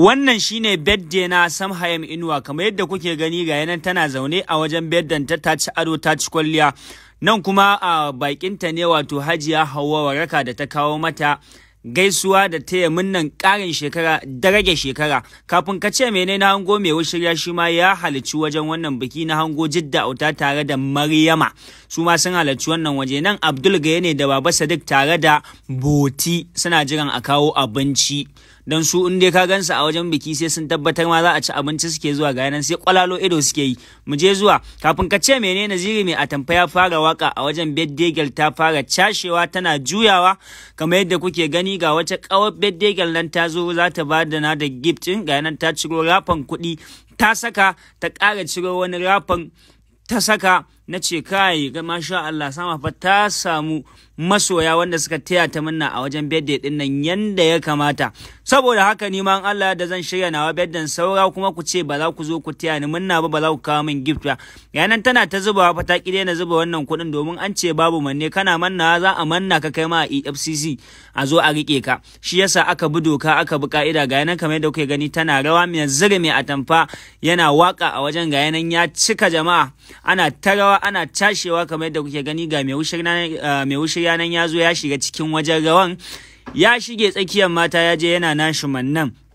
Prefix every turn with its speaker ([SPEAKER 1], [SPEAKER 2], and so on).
[SPEAKER 1] Wannan shine bedde na Samhayam Inuwa kamar yadda kuke gani ga yanan tana zaune a wajen beddanta ta ta ci ado ta ci kwalliya nan kuma a bakinta ne wato Hajiya Hauwa waraka da ta kawo mata gaisuwa da taya munnan ƙarin shekara da rage shekara kafin ka ce mene na hango mai shirya shi ma ya halici wajen wannan biki na hango jidda auta tare da maryama su ma sun halarci wannan waje nan abdul gaye ne da baba sadiq tare da boti suna jiran a kawo abinci don su inda ka gansu a wajen biki sai sun tabbatar ma za a ci abinci suke zuwa ga yanan sai kwalalo ido suke yi mu je zuwa kafin ka ce mene naziri mai atamfa ya fara waka a wajen bedegel ta fara cashewa tana juyawa kamar yadda kuke gani gani ga wata kawar bedegal nan ta zo za ta ba da na da gift in ga nan ta ciro rafan kuɗi ta saka ta ƙara ciro wani rafan ta saka na ce kai ga masha Allah sama fa ta samu masoya wanda suka taya ta minna a wajen bedde din nan yanda ya kamata saboda haka ni ma Allah da zan shirya nawa birthday saura kuma ku ce ba za ku zo ku taya ni minna ba ba za ku kawo min gift ba yanan tana ta zubawa fa ta kire na zuba wannan kuɗin domin an ce babu manne kana manna za a manna ka kai ma a EFCC a zo a rike ka shi yasa aka bi doka aka bi ka'ida ga yanan kamar yadda kuke gani tana rawa mai zire mai atamfa yana waka a wajen ga yanan ya cika jama'a ana ta rawa ana cashewa kamar yadda kuke gani ga mai gaskiya nan ya zo ya shiga cikin wajen rawan ya shige tsakiyar mata ya je yana nashi mannan